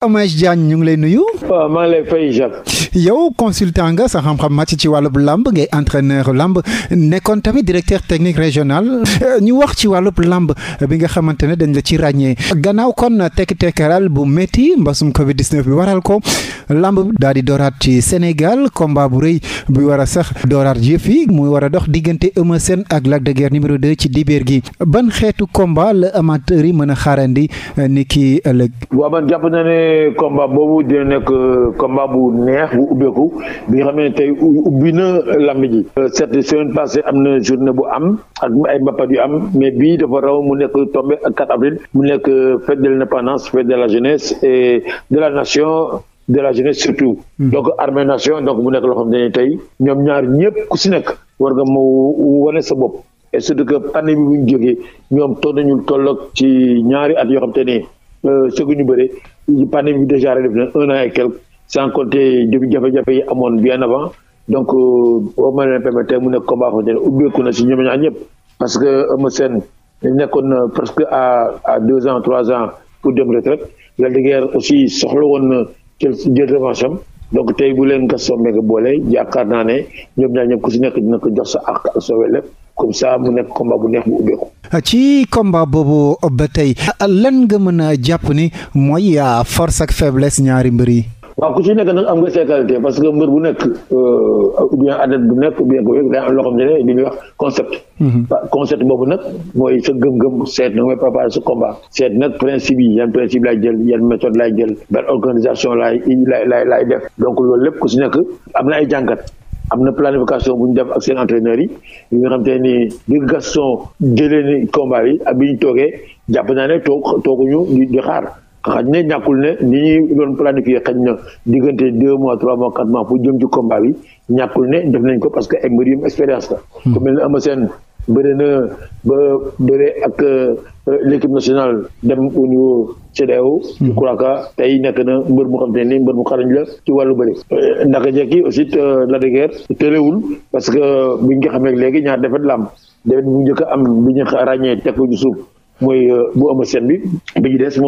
Omeuge Diagne ñu ngi lay nuyu. waaw yow consultant nga sa xam-xam màcc ci wàllub làmb ngay entraîneur làmb nekkoon tamit directeur technique régional euh, ñu wax ci wàllub làmb bi nga xamante ne dañ la ci ràññee gannaaw kon tekk-tekkaral bu métti mbasum Covid 19 bi waral ko làmb daal di dooraat ci Sénégal combat bu rëy buy war a sax dooraat yëf yi muy war a dox diggante Eumeu Sène ak lak de Guiers numéro 2 ci dibeer gi ban xeetu combat la amateur yi mën a xaarandi euh, ni ki ëllëg. ne combat boobu dina nekk euh, combat bu neex bu ubbeeku bi nga xam ne tey ubbi na lamb ji euh, certes semaine passée am na journée bu am ak ay mbappat yu am mais bii dafa raw mu nekk tombé ak 4 avril mu nekk euh, fête del l'indépendance fête de la jeunesse et de la nation de la jeunesse surtout hmm. donc armée nation donc mu nekk loo xam ne tey ñoom ñaar ñëpp ku si nekk war nga mu wane sa bopp et surtout que pandémie bi bu ñu ñoom toog nañu tolloog ci ñaari at yoo xam te ñu sëguñu pandémie bi déjà def na un an et quelques sans compter jafe-jafe yi amoon bien avant donc euh, boo ma leen mu nekk combat foofu ne ubbeeku na si ñoom ñaar ñëpp parce que Eumeu Sène nekkoon na euh, presque à à deux ans trois ans pour dem retraite Lac de Guiers aussi soxla woon na jël jël revanche am donc tey bu leen Gaston Mbengue boole yaakaar naa ne ñoom ñaar ñëpp ku si nekk dina ko jox sa ak ak comme ça mu nekk combat bu neex bu ubbeeku. ci combat boobu ba tey lan nga mën a jàpp ni mooy euh, force ak faiblesse ñaari mbër yi. waaw ku ci nekk nag am nga ses qualités parce que mbër bu nekk euh, ou bien athlète bu nekk ou bien ko day am loo ne mhm. nag mooy sa gëm-gëm seet na mooy préparer sa combat seet nag principe yi yan principe laay jël yan méthode laay jël ban organisation laay laay laay def donc loolu lépp ku ci nekk am na ay jàngat am na planification bu ñu def ak seen entraîneurs yi yi nga xam te ni bi Gaston jëlee ni combat yi ak bi ñu toogee jàpp naa ne toog tooguñu di xaar xaj na ñàkkul ne ni ñuy doon planifier xaj na diggante deux mois trois mois quatre mois pour jëm ci combat ñàkkul ne def nañ ko parce que ay mbir yu expérience la. Hmm. ku mel ne Ama Sène na ba bëre ak. Euh, l'équipe nationale dem au niveau CEDEAO je crois que tey nekk na mbër mu xam te mbër mu xarañ la ci wàllu ndax euh, ndaka jekki aussi euh, la de guerre téléwul parce que euh, buñ nga xamee léegi ñaar defet la am defet bu njëkk am bi ñu ràññee teg ko ci suuf mooy bu ama seen bi bi bi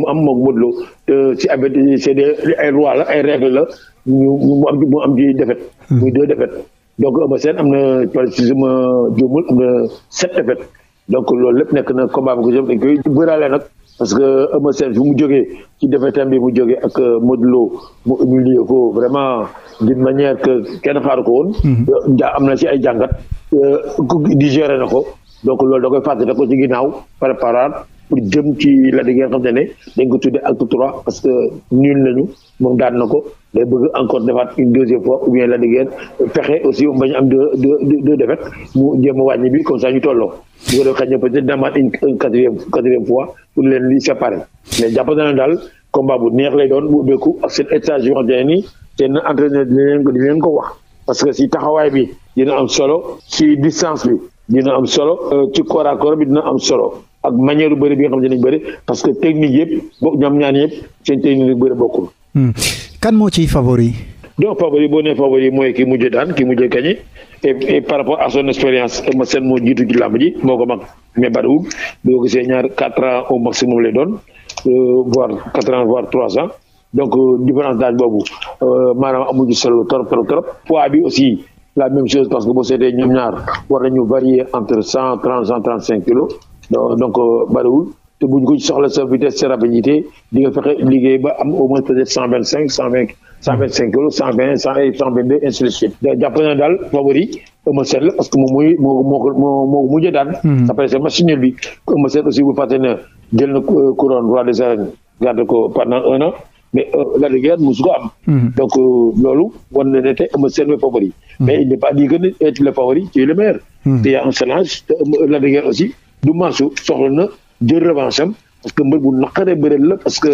mu am moom Modou Lo te si abet c'est des ay roi la ay règle mu am mu am ci defet mhm. muy deux defet donc ama seen am na par si ma juumul am na sept defet donc loolu lépp nekk na combat bu ko jëm dañ koy bëraale nag parce que Eumeu Sène bi mu jógee ci defetam bi mu jógee ak euh, Modou mu humilié ko vraiment di manière que kenn xaaru ko woon. Mhm. Euh, ja am na ci ay jàngat. Euh, ku digéré na ko donc loolu da koy fàtte da ko ci ginnaaw préparar pour jëm ci la di ngeen xam ne dañ ko tuddee acte trois parce que nul nañu moom daan na ko. day bëgg encore defaat une deuxième fois ou bien la dëggeen fexe aussi bañ am deux deux deux défaites mu jéem a wàññi bi comme ça ñu tolloo bu ko def damaat une quatrième fois pour leen li séparer mais jàpp naa daal combat bu neex lay doon bu ubbeeku ak étage yoo xam ne nii seen entraîneur dina leen ko dina leen ko wax parce que si taxawaay bi dina am solo si distance bi dina am solo euh, ci corps à bi dina am solo ak manière yu bëri bi nga xam ne dañu bëri parce que technique yëpp bokk ñoom ñaan yëpp seen technique kan moo ciy favori. donc favori boo nee favori mooy ki mujj daan ki mujj gagné et par rapport à son expérience Eumeu Sène moo jiitu ci làmb ji moo ko mag bariwul boo gisee ñaar quatre ans au maximum lay doon euh, voire quatre ans voire trois ans donc euh, différence d'âge boobu euh, maanaam amuñu solo trop trop trop poids bi aussi la même chose parce que boo seetee ñoom ñaar war nañu varier entre cent trente cent trente cinq kilos donc bariwul. te buñ ko soxla sa vitesse sa rapidité di nga fexe liggéey ba am au moins peut-être cent vingt cinq cent vingt cent vingt cinq kilos cent vingt cent et cent vingt deux ainsi de suite jàpp naa daal favori Eumeu Sène la parce que moom mooy moo moo moo moo mujjee daan hmm. après c'est machine bi Eumeu Sène aussi bu fàtte na jël na couronne roi des arènes garde ko pendant un an mais euh, la guerre musu ko am hmm. donc euh, loolu war na ne te Eumeu Sène mooy favori hmm. mais il n'est pas dit que ne tu es le favori tu es le meilleur te y a un challenge te la guerre aussi du mansu soxla na jël revanche am parce que mbër bu naqaree bëreel la parce que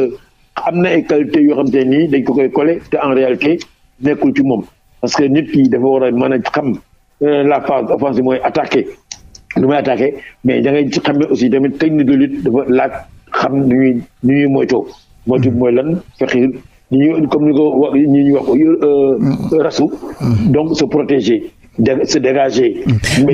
am na ay qualité yoo xam te nii dañ ko koy collé te en réalité nekkul ci moom parce que nit ki dafa war a mën a xam euh, la phase offensive mooy attaqué lu may attaqué mais da ngay ci xam ne aussi tamit technique de lutte dafa laaj xam nu ñuy nu ñuy moytoo moytu mooy lan fexe ni ñu comme ni ko wax ni ñu wax euh, mm-hmm. rasu mm-hmm. donc se protéger se dégager.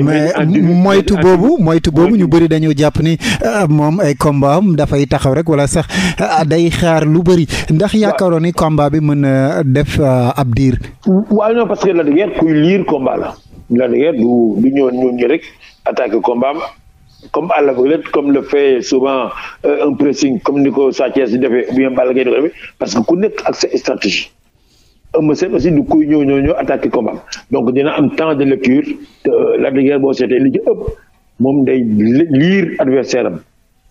mais moytu boobu moytu boobu ñu bëri dañoo jàpp ni euh, moom ay combat dafay taxaw rek wala sax euh, day xaar lu bëri ndax yaakaaroon ni combat bi mën a def euh, ab diir. waaw non parce que Lac de Guiers kuy liir combat la. Lac de Guiers du du ñëw ñëw ñu rek attaque combat am comme à l'aveuglette comme le fait souvent un pressing comme ni ko Sa Thiès di defee ou defee parce que ku nekk ak sa stratégie. Eumeu Sène aussi du kuy ñëw ñëw ñëw attaqué combat donc dina am temps de lecture te euh, Lac boo seetee li ci ëpp moom day lire adversaire am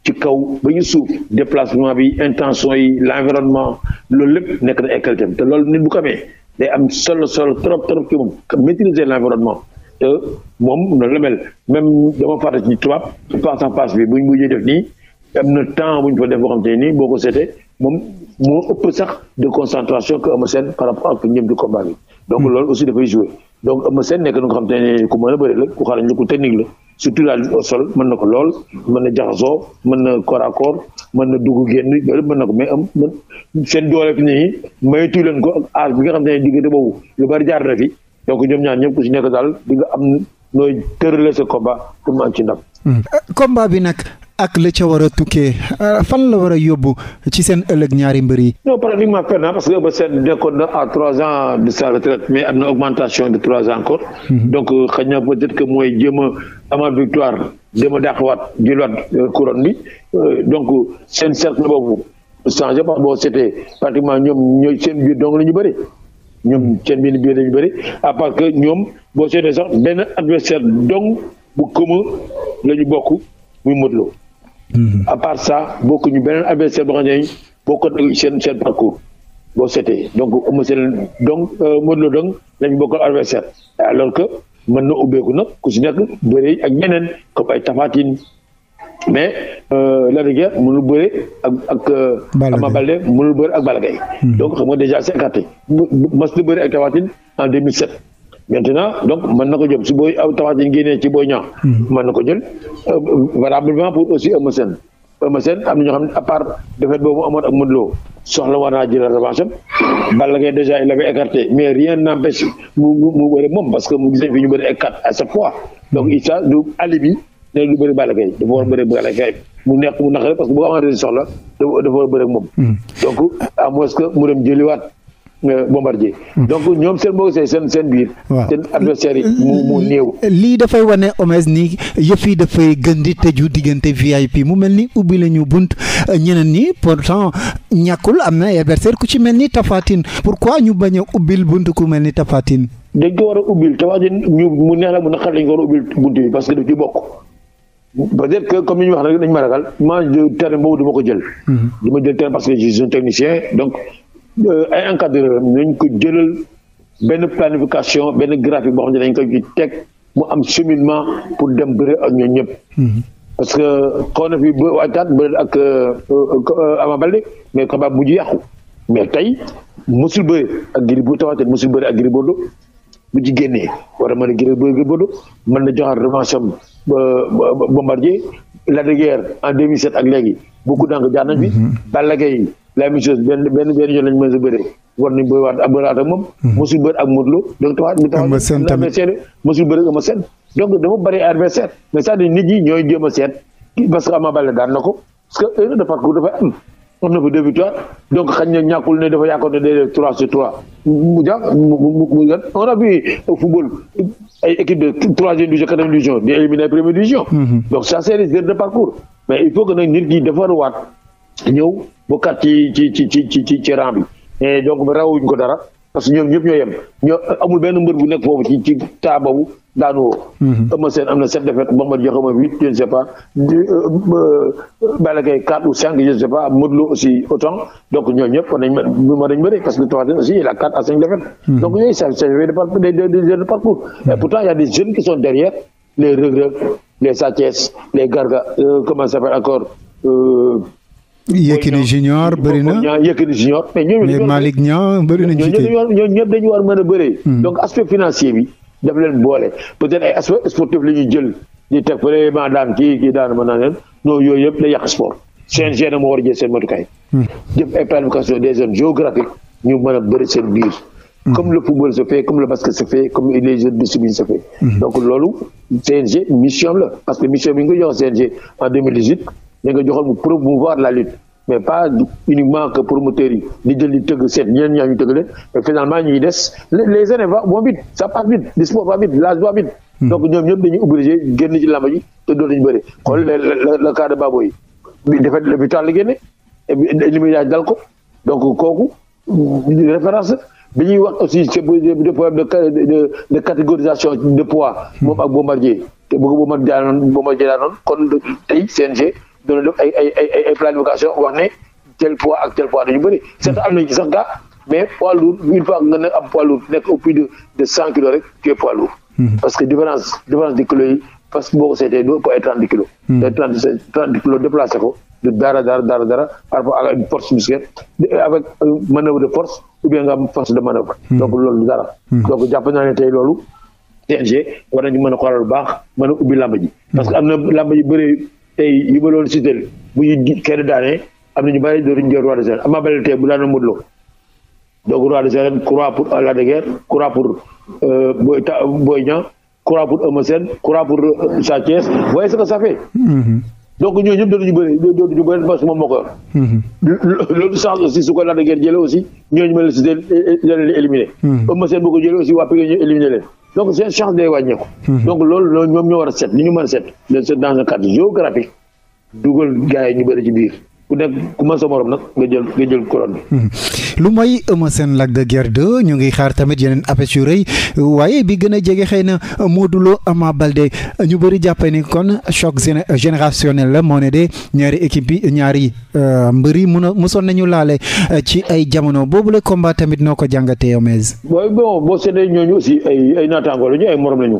ci kaw ba ñu suuf déplacement bi intention yi l'environnement loolu lépp nekk na éclaté te loolu nit bu ko amee day am solo solo trop trop ci moom maîtriser l'environnement te moom noonu la mel même dama fàtte ci tubaab passe en passe bi buñ mujjee def nii am na temps bu ñu fa def boo xam te nii boo ko seetee moom moo ëpp sax de concentration que Eumeu Sène par rapport ka ñëm di combat bi donc hmm. loolu aussi dafay jouer donc Eumeu Sène nekk na nga xam te ku mën a bëri la ku xarañ la ku technique la surtout na ko lool mën na jaxasoo mën na corps à ko mais am seen doole fi nii maytu leen ko ak aar bi nga xam te ne diggante boobu lu bari jaar na fi donc ñoom ñaar ñëpp ku si nekk daal di nga am nooy tërale sa combat pour mu am ci ndam hmm. euh, combat bi nag ak la ca war a tukkee euh, fan la war a yóbbu ci seen ëllëg ñaari mbër yi. non pratiquement perdant ah, parce que Eumeu Sène nekkoon na à trois ans de sa retraite mais am na augmentation de trois ans encore. Mhm. donc euh, xëy na peut-être que mooy jéem a amaat jéem a dàqawaat jëlaat euh, couronne bi donc seen cercle boobu changé parce boo seetee pratiquement ñoom ñooy seen biir donc la ñu bëri. ñoom seen benn biir dañu bëri à part que ñoom boo seetee sax benn adversaire donc bu commun la ñu bokk muy Modou Mm-hmm. à part ça bokkuñu beneen adversaire boo xam ne bokkoon seen seen parcours boo seetee donc monsieur donc euh, Modou Lo donc lañ bokk adversaire alors que mën na ubbeeku nag ku si nekk bëre ak ñeneen comme ay tafatin mais euh, la rigueur mënul bëre ak ak. Euh, Ama Baldé mënul bëre ak Balla Gaye mm-hmm. donc xam nga déjà c'est écarté mas na bëre ak tafatin en maintenant donc mën na ko jëm su booy aw tabax yi génnee ci booy ñaax. Hmm. mën na ko jël euh, valablement pour aussi Eumeu Sène Eumeu Sène am na ñoo xam ne à part défaite boobu amoon ak Modou soxla war naa jëlal revanche am. mais rien n'empêche mu mu mu bëri moom parce que mu gis fi ñu à chaque fois donc il du alibi ne du bëri Balla Gaye war a bëri Balla Gaye mu nekk mu parce que boo xamante ne soxla dafa war a moom. Hmm. donc à moins mu dem jëliwaat. Euh, bombardier. Hmm. donc ñoom seen bopp seen seen biir. waaw seen adversaire yi mu mu néew. lii dafay wane Omez ni yëf yi dafay gën di tëju diggante VIP mu mel ni ubbi la ñu bunt ñeneen ñi pourtant ñàkkul am na adversaire ku ci mel ni Tapha Tine pourquoi ñu bañ a ubbil bunt ku mel ni Tapha Tine. dañ ko war a ubbil Tapha Tine ñu mu neex la mu naqar lañ ko war a ubbil bunt bi parce que daf ci bokk. peut que comme ni ñu wax rek dañu ma ragal man terrain boobu du ko jël. Hmm. du jël Euh, ay encadreur nañ ko jëlal benn planification benn graphique boo xam ne dañ ko ci teg mu am cheminement pour dem bëre ak ñoom ñëpp. Mhm. parce que xaw na fi ba waxtaan bëre ak euh, euh, Ama Baldé mais combat mujj yàqu mais tey mosul bëre ak Gris Bordeaux tawaate mosul bëre ak Gris Bordeaux bu ci génnee war a mën a Gris Bordeaux mën na joxaat revanche am Bombardier la de guerre en 2007 ak léegi beaucoup d'entre jaar nañ fi. Mhm. Balla Gaye la même chose benn benn benn yoon lañ mën sa bëree war nañ booy waat bëraat ak moom hmm. mosul donc dafa a seet na ko de parcours dafay am am na fa deux donc ne dafa yaakaar ne day def trois sur trois mu parcours mais il faut que nit ñi dafa war ñëw bokkaat ci ci ci ci ci ci rang bi et eh, donc ko dara parce que ñoom ñëpp ñoo yem ñoo amul benn mbër bu nekk foofu ci ci taa boobu daanu woo. Mhm. Eumeu Sène am na sept défaites Bombardier joxe ma huit je ne sais pas euh, euh, Balla quatre ou cinq je ne sais pas Modou Lô aussi autant donc ñoo ñëpp war nañ bëri parce que Tapha Tine aussi il a quatre à cinq défaites. Mhm. donc yooyu des des des parcours. et Sa Thiès les euh, Yékini junior bëri na Yékini junior mais ñooñu Malick Niang bëri nañ dañu war mën a bëree hmm. donc aspect financier bi daf leen boole peut-être ay aspect sportif la jël di teg vraiment daan kii kii daan mën naa leen non yooyu yëpp day yàq sport CNG na moo war a jël seen matukaay hmm. def ay planification des zones géographiques ñu mën a bëri seen biir hmm. comme le football se fait comme le basket se fait comme les jeux de discipline se fait donc loolu CNG mission la parce que mission da nga joxoon mu promouvoir la lutte mais pas uniquement que promoteurs yi di jël di tëgg seet ñeneen ñaa ñu tëgg leen mais finalement ñuy des les années va moom it ça passe vite le sport va vite l'âge va vite hmm. donc ñoom ñëpp dañuy obligé génn ci làmb ji te dootuñu bëri xool le cas de Babo yi bi defet le victoire la génne li muy dal ko donc kooku référence bi ñuy wax aussi c'est de problème de de catégorisation de poids hmm. moom ak Bombardier te bu ko Bombardier daanoon Bombardier daanoon kon tey CNG doon def ay ay ay ay planification wax tel poids ak tel poids dañu bëri hmm. certes am nañ ci sax gaa mais poids lourd une fois nga ne de de rek tu poids lourd. Hmm. parce que différence différence de kilos yi parce que boo ko seetee du ëpp trente kilos. te hmm. trente trente de dara dara dara dara par rapport à une force musculaire avec manœuvre de force ou nga force de manœuvre. donc loolu dara. donc jàpp tey loolu. CNG war nañu mën a xoolal bu baax mën a ubbi làmb parce que am na tey yi ma doon cité bu ñu kenn daanee am na ñu bari door jël roi des arènes Ama Baldé tey bu daanoon Modou Lô donc roi des arènes croix pour Lac de Guiers croix pour euh, Boy Boy Niang croix pour Eumeu Sène croix pour euh, Sa Thiès vous voyez ce que ça fait mm-hmm. donc ñooñu ñëpp dootuñu bëri dootuñu bëri parce que moom moo ko mm-hmm. loolu chance aussi su ko Lac de Guiers jëlee aussi ñooñu ma la cité éliminer mm-hmm. Eumeu Sène boo aussi waa Pikine ñu éliminer leen donc seen chance day wàññeeku. donc loolu loolu ñoom ñoo war a set li ñu mën a set. de set dans un cadre géographique dugal gars yi ñu bëri ci biir. ku nekk ku mën sa morom nag nga jël nga jël couronne hmm. lu mooy Eumeu Sène Lac de Guiers ñu ngi xaar tamit yeneen affiche yu rëy waaye bi gën a jege xëy na Modou Lo Ama Baldé ñu bëri jàppee ni kon choc générationnel la moo ne de ñaari équipe bi ñaari euh, mbër yi mun a mosoon nañu laale euh, ci ay jamono boobu la combat tamit noo ko jàngatee Omez. waaye bon boo seetee ñooñu aussi ay ay la ñu ay morom la ñu.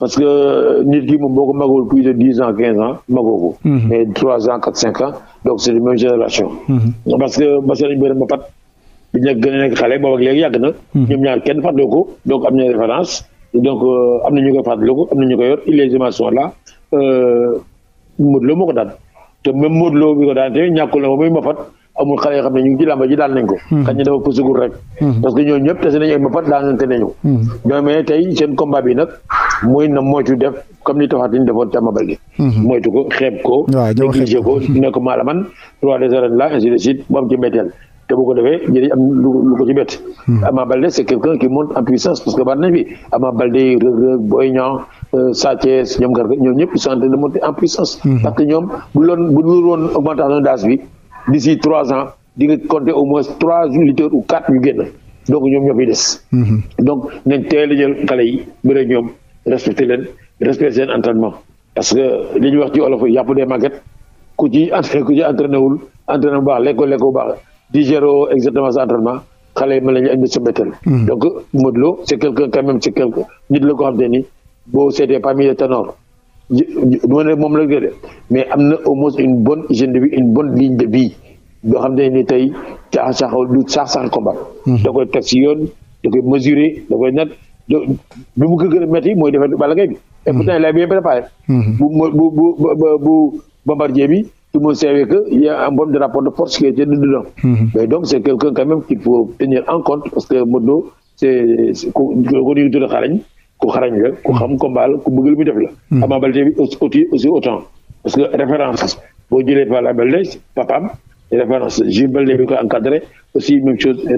parce que nit ki moom boo ko magul plus de dix ans quinze ans magoo mhm. mais trois ans quatre cinq ans donc c' est même génération. Mhm. parce que parce que dañu bëri mbapat bi ñu gën a nekk xale boobu ak léegi yàgg na. Mhm. ñoom ñaar kenn fàttaliku ko donc am na euh, ñu koy fàttaliku am na ñu koy yor illégitimement sont là euh, Modou Lo moo ko daan te même Modou Lo bi ko te ñàkkul na ko muy mbapat. amul xale yoo xam ne ñu ngi ci làmba ji daan nañ ko hmm. xañ ne dafa pësugul rek hmm. parce que ñooñu ñëpp tase nañu ay mbapat daanante nañu hmm. ñoo mais tey seen combat bi nag mooy na moytu def comme ni taxaat ni defoon Tamba Balde moytu ko xeeb ko négligé ko ne ko maala man trois des arènes là ainsi de suite mu am ci mbetteel te bu ko defee jëriñ am lu ko ci bett Ama Balde c' est quelqu'un qui monte en puissance parce que bari nañ fi Ama Balde Reug Reug Boy Niang euh, Sa Thiès ñoom Garga ñoom ñëpp sont en train de monter en puissance parce que ñoom bu loon bu ñu woon augmentation d'âge bi d'ici trois ans di nga compter au moins trois lutteurs ou quatre yu génn donc ñoom ñoo des. Mhm. donc nañ teel a jël xale yi bëre ñoom respecté leen respecté seen entraînement parce que li ñuy wax ci olof yi yàpp des màgget ku ci entraîné ku ci bu baax lekkoo lekkoo bu baax digéro exactement sa entraînement xale yi mën nañu indi sa mhm. donc Modou Lo c' est quelqu'un quand même nit la ko xam te boo seetee parmi les ténors duma ne moom la mais am na au moins une bonne hygiène de vie une bonne ligne de vie boo xam ne ni tey caax saxal du saax sax combat da koy teg si yoon da koy mesurer da koy nat bi mu ko gën a métti mooy defar Balla Gaye bi et pourtant a bien bu bu bu bu bombardier bi tout le monde que il a un de rapport de force qui était dedans mais donc c'est quelqu'un quand même qu'il faut tenir en compte parce que Modou c'est connu tudd xarañ ku xarañ la ku xam combat la ku bëgg lu muy def la. Hmm. Ama Baldé bi aussi parce que référence boo jëlee Fala Baldé papaam référence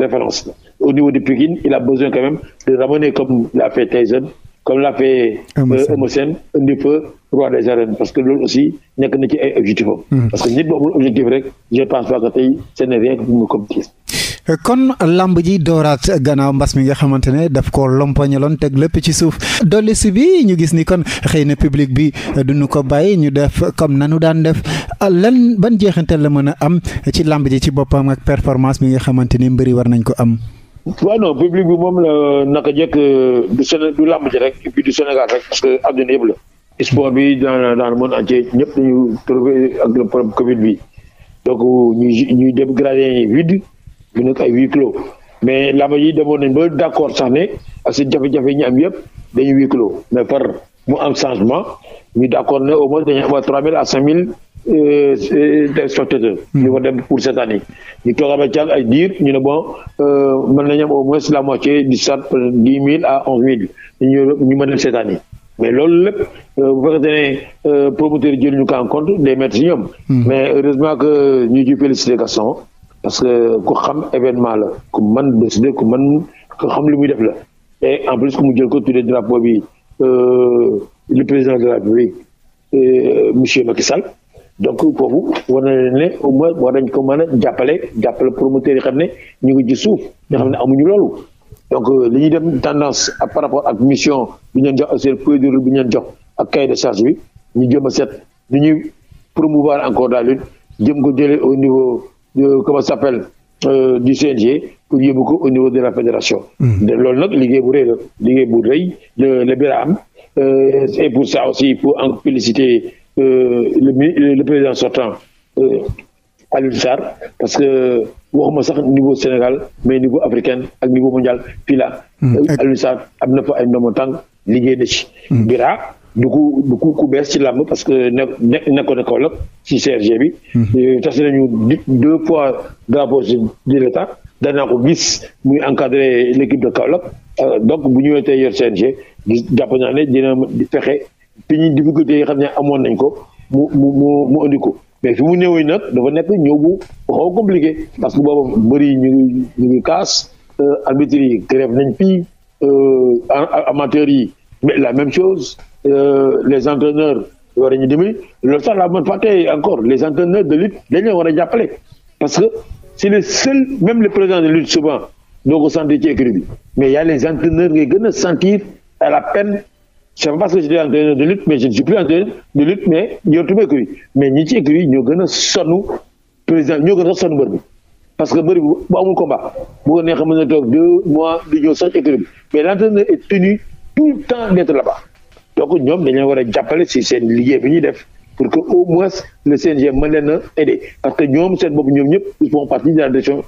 référence la au de Pikine il a besoin quand de ramener comme l'a fait Tyson comme l'a fait euh, Eumeu Sène indi roi des arènes parce que loolu aussi nekk na ci ay objectif hmm. parce que nit bu objectif rek je pense pas que tey ce n'est rien que kon lamb ji dooraat gannaaw mbas mi nga xamante ne daf ko lompañaloon teg lépp ci suuf dolli si bi ñu gis ni kon xëy na public bi duñu ko bàyyi ñu def na nanu daan def lan ban jeexantal la mën a am ci lamb ji ci boppam ak performance bi nga xamante ne mbëri war nañ ko am. waaw non public bi moom la naka jëkk du Séné du lamb ji rek et puis du Sénégal rek parce que àdduna yëpp la. sport bi dans dans le monde entier ñëpp dañu trouvé ak le Covid bi donc ñuy dem gradin mu nekk ay huis clos mais làmb yi demoon nañ ba d' accord sax ne parce que jafe-jafe yi ñu am yëpp dañu huis clos mais par mu am changement ñu d' accord ne au moins dañu am à 3000 à 5000 spectateurs. Hmm. ñu ko dem pour cette année. ñu toog a càgg ay diir ñu ne bon euh, mën nañu am au moins la moitié du dix mille à onze mille ñu ñu mën a dem cette année. mais loolu lépp euh, bu fekkee ne euh, promoteur yi jël ñu ko en compte day mettre si ñoom. Hmm. mais heureusement que ñu ngi ciy félicité Gaston parce que ku xam événement la ku man bés de ku man ku xam li muy def la et en plus ku mu jël ko tuddee drapeau bi euh, le président de la République euh, monsieur Macky Sall donc foofu war na leen ne au moins war nañ ko mën a jàppale jàppale promoteur yi xam ne ñu ngi ci suuf nga xam ne amuñu loolu donc euh, li ñuy dem tendance ak par rapport ak mission bi ñu jox ak seen feuille bu route bi jox ak cahier de charge bi ñu jëm a seet ñu ñuy promouvoir encore la lutte jëm ko jëlee au niveau de comment ça s'appelle euh, du CNG pour yóbbu au niveau de la fédération. Hmm. loolu nag liggéey bu rëy la bu rëy le la biir am et euh, pour ça aussi il en féliciter euh, le le président sortant Alioune parce que waxuma sax niveau Sénégal mais niveau africain ak niveau mondial fii la. Hmm. Alioune Sarr am na fa liggéey hmm. Bira du coup du coup ku bees ci làmb parce que nekk nekkoon na Kaolack ci CRG bi. Mhm. Euh, tas nañu deux fois drapeau de l'État danaa ko gis muy encadrer l'équipe de Kaolack euh, donc bu ñu weetee yor CNG di ne fexe te ñi difficulté yi xam ne amoon nañ ko mu mu ko mais fi mu néewee nag dafa nekk ñëw bu compliqué parce que booba mbër ñu ngi ñu kaas euh, arbitre yi grève nañ fii amateurs yi mais la même chose. Euh, les entraîneurs war ñu dimbali loolu sax la bonne fois encore les entraîneurs de lutte dañ leen war a jàppale parce que c'est le seul même le président de lutte souvent doo ko sentir ci écrit bi mais y les entraîneurs ngay gën a sentir à la peine c'est parce que j'étais entraîneur de lutte mais je ne suis plus de lutte mais yortuma écrit mais ñi ci écrit ñoo gën a sonn président ñoo gën a sonn parce que mbër bi bu amul combat bu ko neexee mën na toog deux mois di ñëw sax écrit bi mais l'entraîneur est tenu tout temps d'être donc ñoom dañu war a jàppale si seen liggéey bi ñuy def pour que au moins le CNG mën leen a aider parce que ñoom seen bopp ñoom ñëpp ils font partie de la direction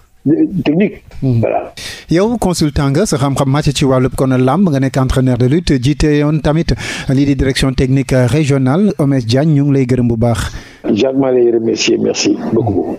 technique. Hmm. voilà. yow consultant nga sa xam-xam màcc ci wàllub kon làmb nga nekk entraîneur de lutte jiite yoon tamit lii di direction technique régionale Omès Diagne ñu ngi lay gërëm bu baax. Jacques maa lay remercier merci beaucoup.